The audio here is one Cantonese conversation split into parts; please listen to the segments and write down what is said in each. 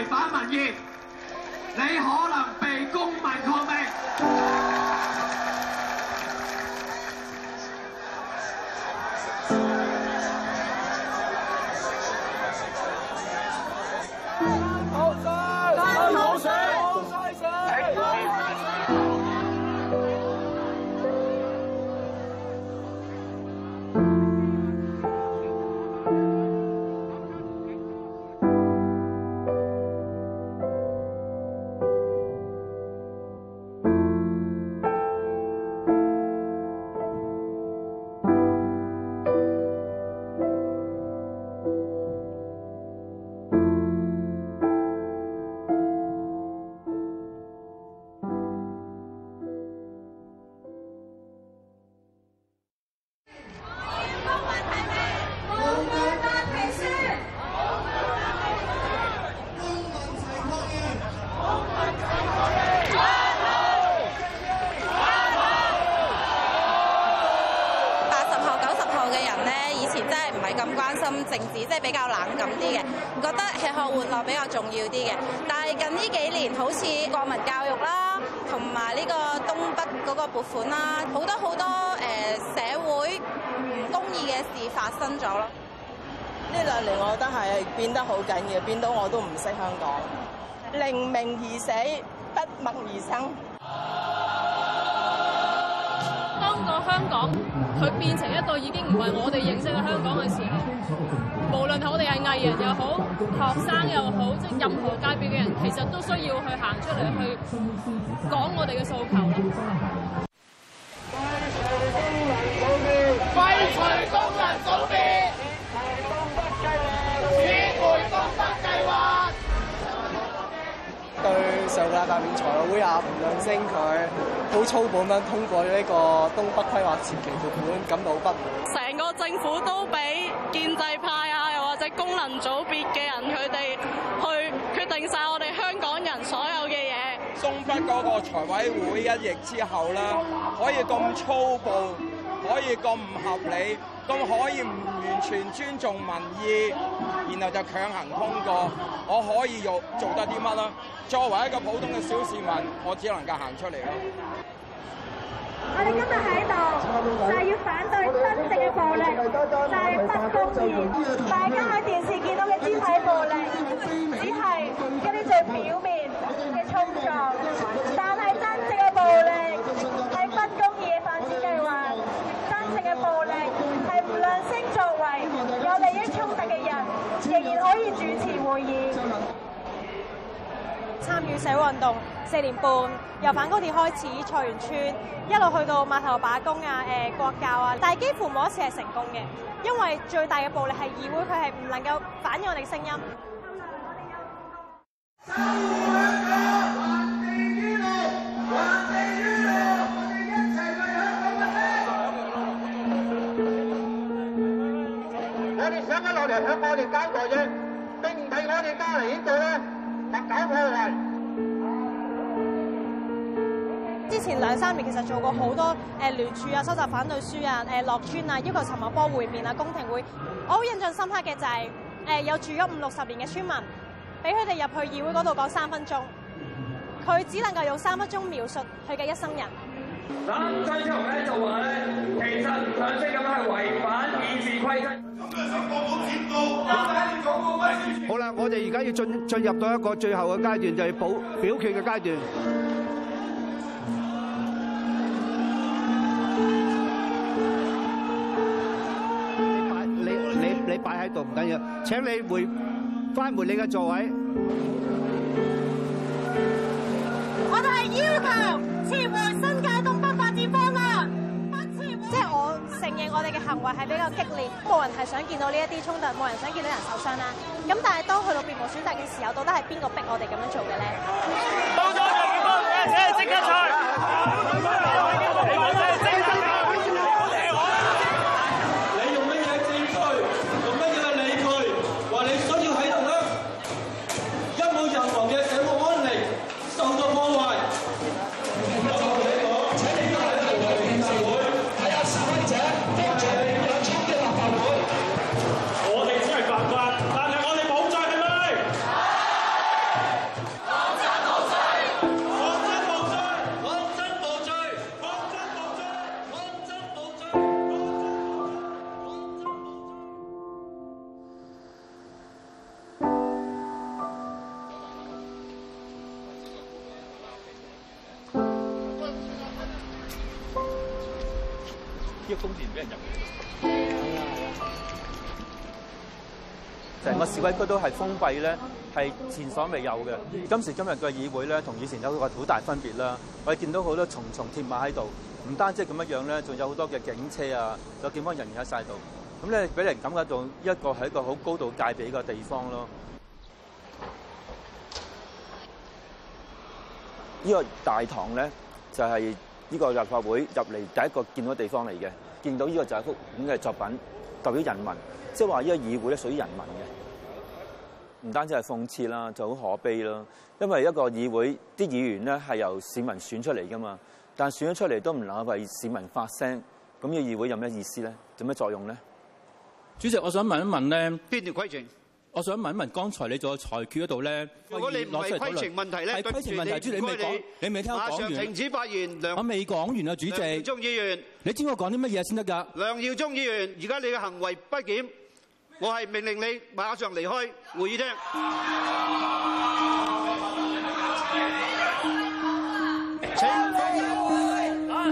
違反民意，你可能被公民抗命。好多誒社會唔公義嘅事發生咗咯。呢兩年我覺得係變得好緊要，變到我都唔識香港。寧鳴而死，不默而生。當個香港佢變成一個已經唔係我哋認識嘅香港嘅時候，無論我哋係藝人又好，學生又好，即係任何界別嘅人，其實都需要來去行出嚟去講我哋嘅訴求咯。大面財委會吳亮星，佢好粗暴咁通過呢個東北規劃前期撥款，感到不滿。成個政府都俾建制派啊，又或者功能組別嘅人佢哋去決定晒我哋香港人所有嘅嘢。東北嗰個財委會一役之後咧，可以咁粗暴，可以咁唔合理，都可以唔完全尊重民意，然後就強行通過，我可以用做得啲乜咯？作為一個普通嘅小市民，我只能夠行出嚟。我哋今日喺度就係、是、要反對真正嘅暴力，就是、不公義。大家喺電視。可以主持會議，參與社會運動四年半，由反高鐵開始，菜園村一路去到碼頭罷工啊、呃，國教啊，但係幾乎冇一次係成功嘅，因為最大嘅暴力係議會，佢係唔能夠反映我哋聲音。我哋想咗落嚟向我哋交代啫，並唔係喺你家裏呢度咧發佢破例。之前兩三年其實做過好多誒、呃、聯署啊、收集反對書、呃、啊、誒落村啊，要求陳茂波會面啊、公聽會。我好印象深刻嘅就係、是呃、有住咗五六十年嘅村民，俾佢哋入去議會嗰度講三分鐘，佢只能夠用三分鐘描述佢嘅一生人。嗱，張超雄咧就話咧，其實上一啲咁樣係違反議事規則，咁佢又想報案檢舉。好啦，我哋而家要進進入到一個最後嘅階段，就係保表決嘅階段。擺你你你擺喺度唔緊要，請你回返回你嘅座位。我哋係要求撤回申。我哋嘅行為係比較激烈，冇人係想見到呢一啲衝突，冇人想見到人受傷啦。咁但係當去到別無選擇嘅時候，到底係邊個逼我哋咁樣做嘅咧？到咗就幾多請車即刻出成個示威區都係封閉咧，係前所未有嘅。今時今日嘅議會咧，同以前有一個好大分別啦。我哋見到好多重重鐵馬喺度，唔單止係咁一樣咧，仲有好多嘅警車啊，有警方人員喺晒度。咁咧，俾人感覺到一個係一個好高度戒備嘅地方咯。呢個大堂咧，就係呢個立法會入嚟第一個見到嘅地方嚟嘅。見到呢個就係一幅咁嘅作品，代表人民。即係話呢個議會咧，屬於人民嘅，唔單止係諷刺啦，就好可悲咯。因為一個議會啲議員咧係由市民選出嚟噶嘛，但係選咗出嚟都唔能夠為市民發聲，咁呢個議會有咩意思咧？有咩作用咧？主席，我想問一問咧，邊條規程？我想問一問，剛才你做嘅裁決嗰度咧，如果你唔係規程問題咧，對規程問題，你未講，你未聽講完。停止發言，我未講完啊，主席。梁耀忠議員，你知我講啲乜嘢先得㗎？梁耀忠議員，而家你嘅行為不檢。我係命令你馬上離開會議廳。請押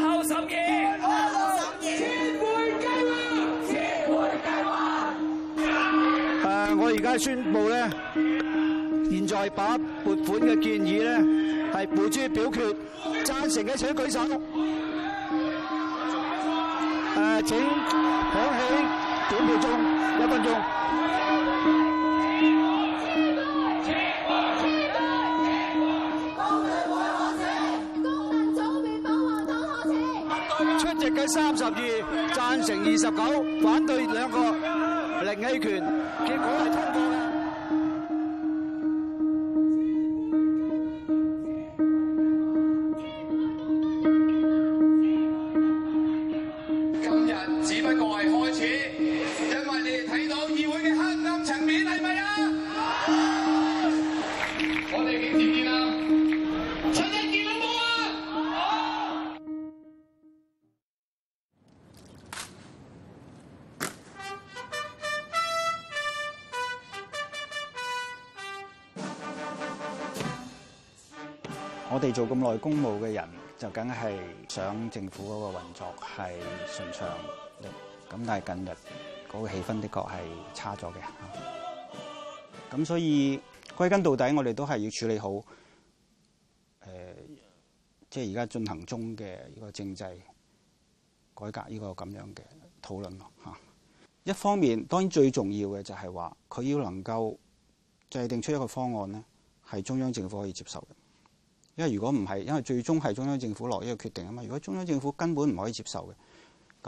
後審議。押後審議。撤回計劃，撤回計劃。誒，我而家宣布咧，現在把撥款嘅建議咧，係付諸表決，贊成嘅請舉手。誒，請響起點票鐘。一分鐘。出席嘅三十二，贊成二十九，反對兩個，零棄權。結果係通過。我做咁耐公務嘅人，就梗係想政府嗰個運作係順暢嘅。咁但係近日嗰個氣氛的確係差咗嘅。吓，咁所以歸根到底，我哋都係要處理好誒即係而家進行中嘅呢個政制改革呢個咁樣嘅討論咯。吓，一方面當然最重要嘅就係話，佢要能夠制定出一個方案咧，係中央政府可以接受嘅。因為如果唔係，因為最終係中央政府落呢個決定啊嘛。如果中央政府根本唔可以接受嘅，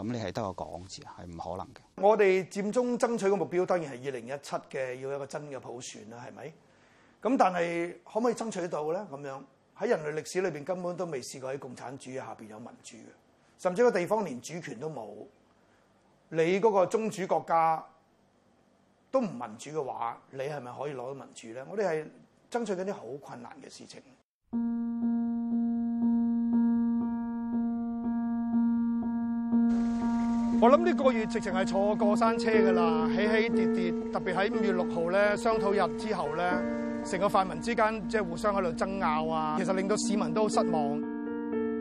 咁你係得個講字係唔可能嘅。我哋佔中爭取嘅目標當然係二零一七嘅要一個真嘅普選啦，係咪？咁但係可唔可以爭取到咧？咁樣喺人類歷史裏邊根本都未試過喺共產主義下邊有民主嘅，甚至個地方連主權都冇。你嗰個宗主國家都唔民主嘅話，你係咪可以攞到民主咧？我哋係爭取緊啲好困難嘅事情。我諗呢個月直情係坐過山車噶啦，起起跌跌，特別喺五月六號咧商討日之後咧，成個泛民之間即係互相喺度爭拗啊，其實令到市民都好失望。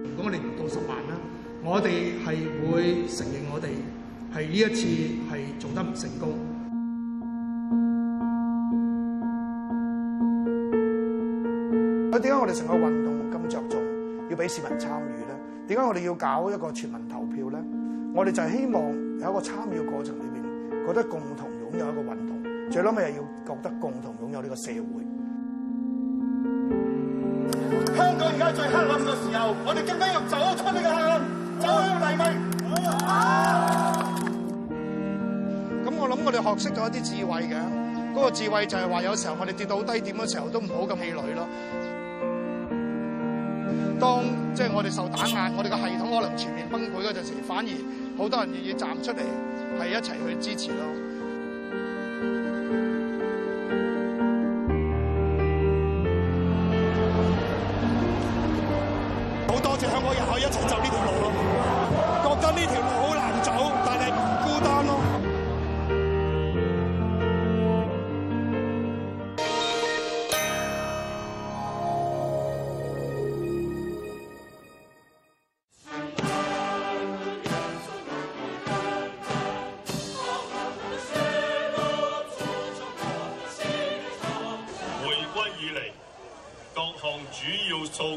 如果我哋唔到十萬啦，我哋係會承認我哋係呢一次係做得唔成功。咁點解我哋成個運動咁着重要俾市民參與咧？點解我哋要搞一個全民投票咧？我哋就係希望有一個參與嘅過程裏面，覺得共同擁有一個運動，最主要係要覺得共同擁有呢個社會。香港而家最黑暗嘅時候，我哋更加要走出呢個黑暗，走向黎明。好、啊，咁、啊、我諗我哋學識咗一啲智慧嘅，嗰、那個智慧就係話，有時候我哋跌到低點嘅時候，都唔好咁氣餒咯。當即係我哋受打壓，我哋個系統可能全面崩潰嗰陣時，反而好多人願意站出嚟，係一齊去支持咯。好多謝香港人可以一齊走呢條路。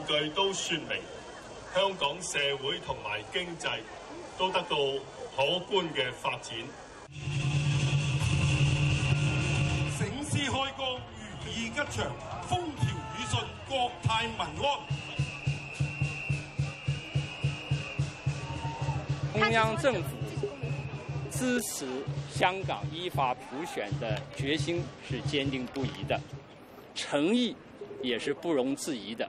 據都說明，香港社會同埋經濟都得到可觀嘅發展。醒獅開光，如意吉祥，風調雨順，國泰民安。中央政府支持香港依法普選的決心是堅定不移的，誠意也是不容置疑的。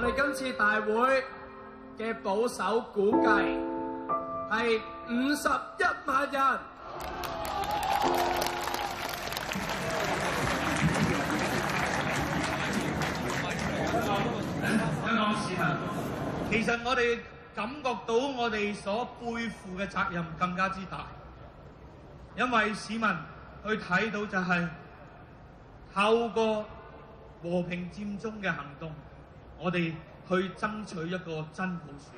我哋今次大會嘅保守估計係五十一萬人。其實我哋感覺到我哋所背負嘅責任更加之大，因為市民去睇到就係透過和平佔中嘅行動。我哋去爭取一個真普選。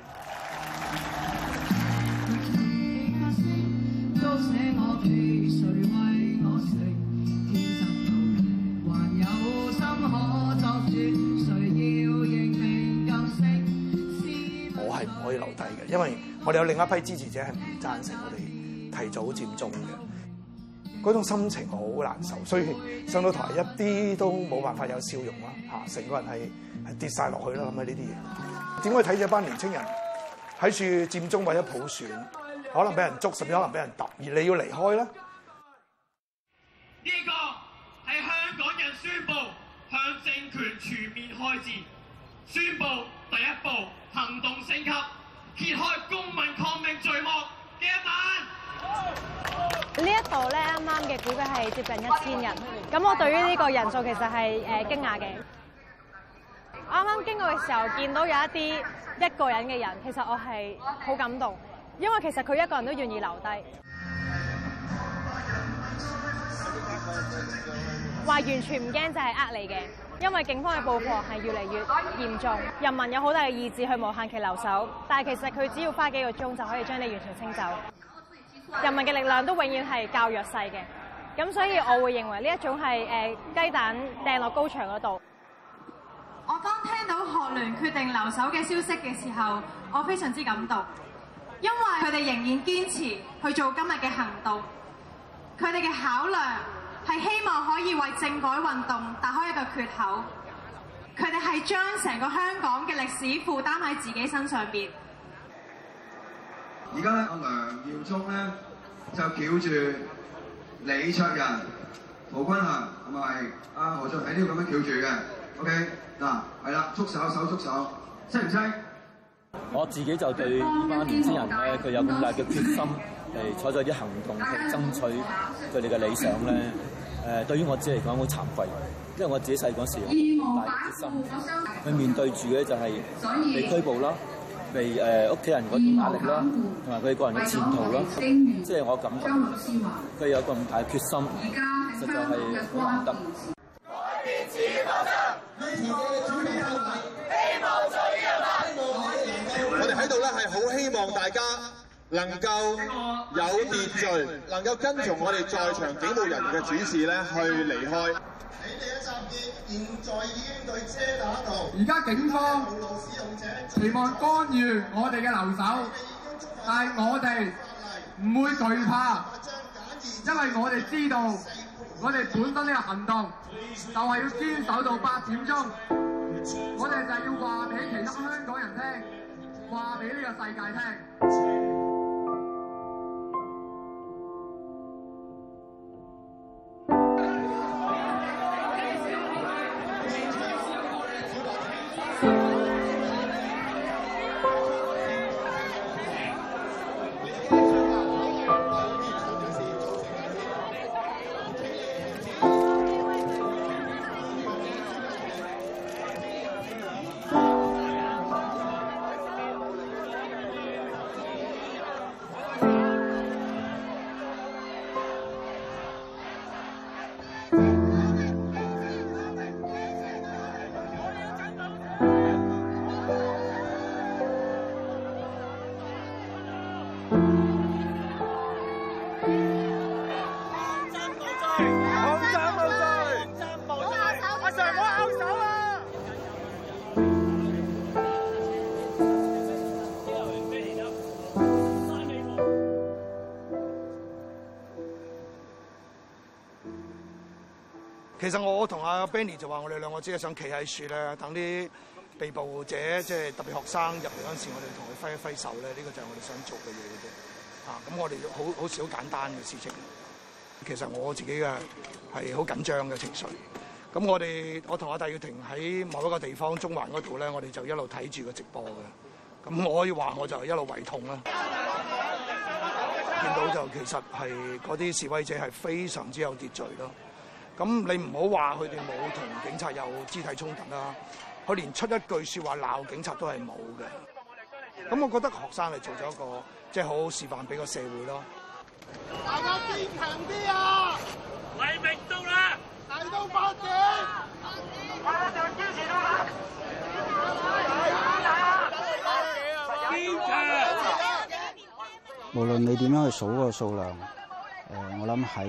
我係唔可以留低嘅，因為我哋有另一批支持者係唔贊成我哋提早佔中嘅。嗰種心情好難受，所以上到台一啲都冇辦法有笑容啦，嚇成個人係係跌晒落去啦，諗起呢啲嘢。點解睇住班年青人喺處佔中為咗普選，可能俾人捉，甚至可能俾人揼，而你要離開咧？呢個係香港人宣布向政權全面開戰，宣布第一步行動升級，揭開公民抗命序幕。估計係接近一千人，咁我對於呢個人數其實係誒驚訝嘅。我啱啱經過嘅時候見到有一啲一個人嘅人，其實我係好感動，因為其實佢一個人都願意留低。話完全唔驚就係呃你嘅，因為警方嘅布防係越嚟越嚴重，人民有好大嘅意志去無限期留守，但係其實佢只要花幾個鐘就可以將你完全清走。人民嘅力量都永遠係較弱勢嘅。咁所以，我會認為呢一種係誒雞蛋掟落高牆嗰度。我當聽到學聯決，決定留守嘅消息嘅時候，我非常之感動，因為佢哋仍然堅持去做今日嘅行動。佢哋嘅考量係希望可以為政改運動打開一個缺口。佢哋係將成個香港嘅歷史負擔喺自己身上邊。而家咧，阿梁耀忠咧就翹住。李卓人、何君亮同埋阿何俊霆呢個咁樣翹住嘅，OK 嗱係啦，束手手束手，識唔識？我自己就對呢班年青人咧，佢有咁大嘅決心嚟採取啲行動 去爭取佢哋嘅理想咧。誒， 對於我自己嚟講，好慚愧，因為我自己細嗰時有大心，大決心佢面對住咧就係被拘捕咯。被誒屋企人嗰種壓力啦，同埋佢個人嘅前途咯，即係我感覺佢有個咁大嘅決心。而家實在係好難得，改變只不過。我哋喺度咧係好希望大家。能夠有秩序，能夠跟從我哋在場警務人員嘅指示咧，去離開。你哋嘅集結現在已經對車打道。而家警方無路使用者期望干預我哋嘅留守，但係我哋唔會懼怕，因為我哋知道我哋本身呢個行動就係要堅守到八點鐘，我哋就係要話俾其他香港人聽，話俾呢個世界聽。其實我同阿 Benny 就話：我哋兩個只係想企喺樹咧，等啲被捕者，即係特別學生入嚟嗰陣時，我哋同佢揮一揮手咧。呢、呢個就係我哋想做嘅嘢嘅啫。嚇、啊，咁我哋都好好少簡單嘅事情。其實我自己嘅係好緊張嘅情緒。咁我哋我同阿戴耀廷喺某一個地方中環嗰度咧，我哋就一路睇住個直播嘅。咁我可以話我就一路胃痛啦。見到就其實係嗰啲示威者係非常之有秩序咯。咁你唔好話佢哋冇同警察有肢體衝突啦，佢連出一句説話鬧警察都係冇嘅。咁我覺得學生係做咗一個即係好好示範俾個社會咯。大家堅強啲啊！黎明到啦，大到發展，快啲上橋線啦！來來無論你點樣去數個數量，誒，我諗喺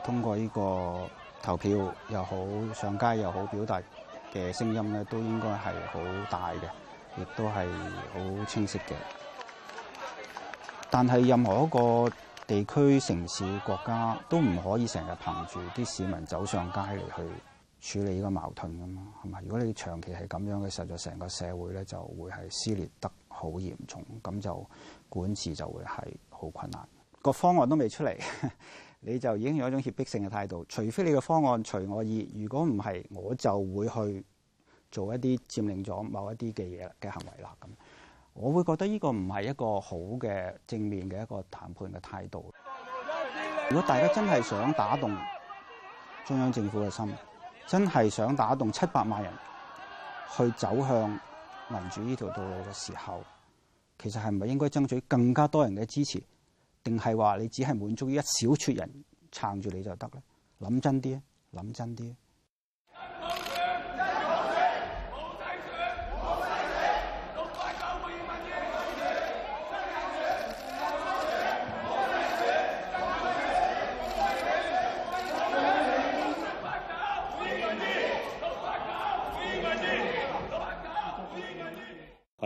誒，通過呢個投票又好，上街又好，表達嘅聲音咧，都應該係好大嘅，亦都係好清晰嘅。但係任何一個地區、城市、國家都唔可以成日憑住啲市民走上街嚟去處理呢個矛盾㗎嘛，係咪？如果你長期係咁樣嘅時候，就成個社會咧就會係撕裂得好嚴重，咁就管治就會係好困難。個方案都未出嚟，你就已經有一種脅迫性嘅態度。除非你嘅方案隨我意，如果唔係，我就會去做一啲佔領咗某一啲嘅嘢嘅行為啦。咁我會覺得呢個唔係一個好嘅正面嘅一個談判嘅態度。如果大家真係想打動中央政府嘅心，真係想打動七百萬人去走向民主呢條道路嘅時候，其實係唔係應該爭取更加多人嘅支持？定係話，你只係滿足於一小撮人撐住你就得咧？諗真啲啊，諗真啲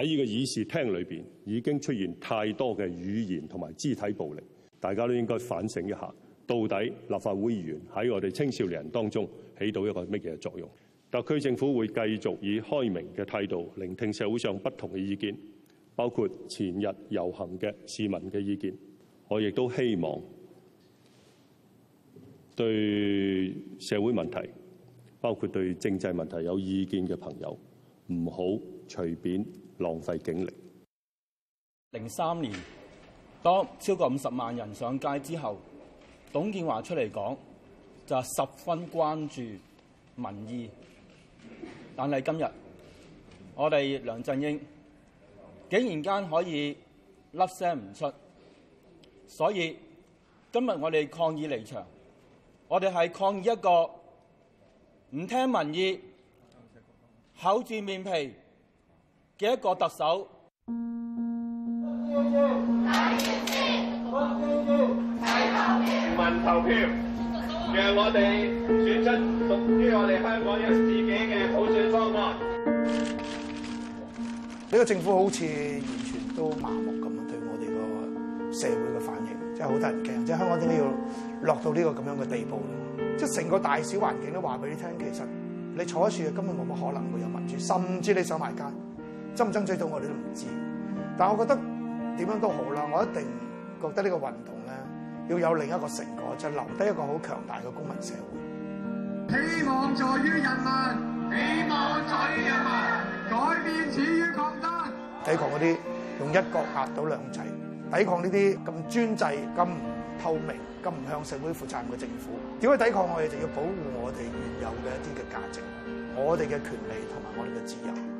喺呢個議事廳裏邊已經出現太多嘅語言同埋肢體暴力，大家都應該反省一下，到底立法會議員喺我哋青少年人當中起到一個乜嘢作用？特區政府會繼續以開明嘅態度聆聽社會上不同嘅意見，包括前日遊行嘅市民嘅意見。我亦都希望對社會問題，包括對政制問題有意見嘅朋友。唔好隨便浪費警力。零三年，當超過五十萬人上街之後，董建華出嚟講就十分關注民意，但係今日我哋梁振英竟然間可以粒聲唔出，所以今日我哋抗議離場，我哋係抗議一個唔聽民意。厚住面皮嘅一個特首，全民投票，讓我哋選出屬於我哋香港人自己嘅普選方案。呢個政府好似完全都麻木咁樣！對我哋個社會嘅反應真係好得人驚，即係香港點解要落到呢個咁樣嘅地步？即係成個大小環境都話俾你聽，其實。你坐喺處，根本冇乜可能會有民主，甚至你想埋街，爭唔爭取到我哋都唔知道。但我覺得點樣都好啦，我一定覺得這個呢個運動咧要有另一個成果，就是、留低一個好強大嘅公民社會。希望在於人民，希望在於人民，改變始於抗爭。抵抗嗰啲用一國壓倒兩制，抵抗呢啲咁專制咁。這麼透明、咁唔向社會負責任嘅政府，點去抵抗我？我哋就要保護我哋原有嘅一啲嘅價值，我哋嘅權利同埋我哋嘅自由。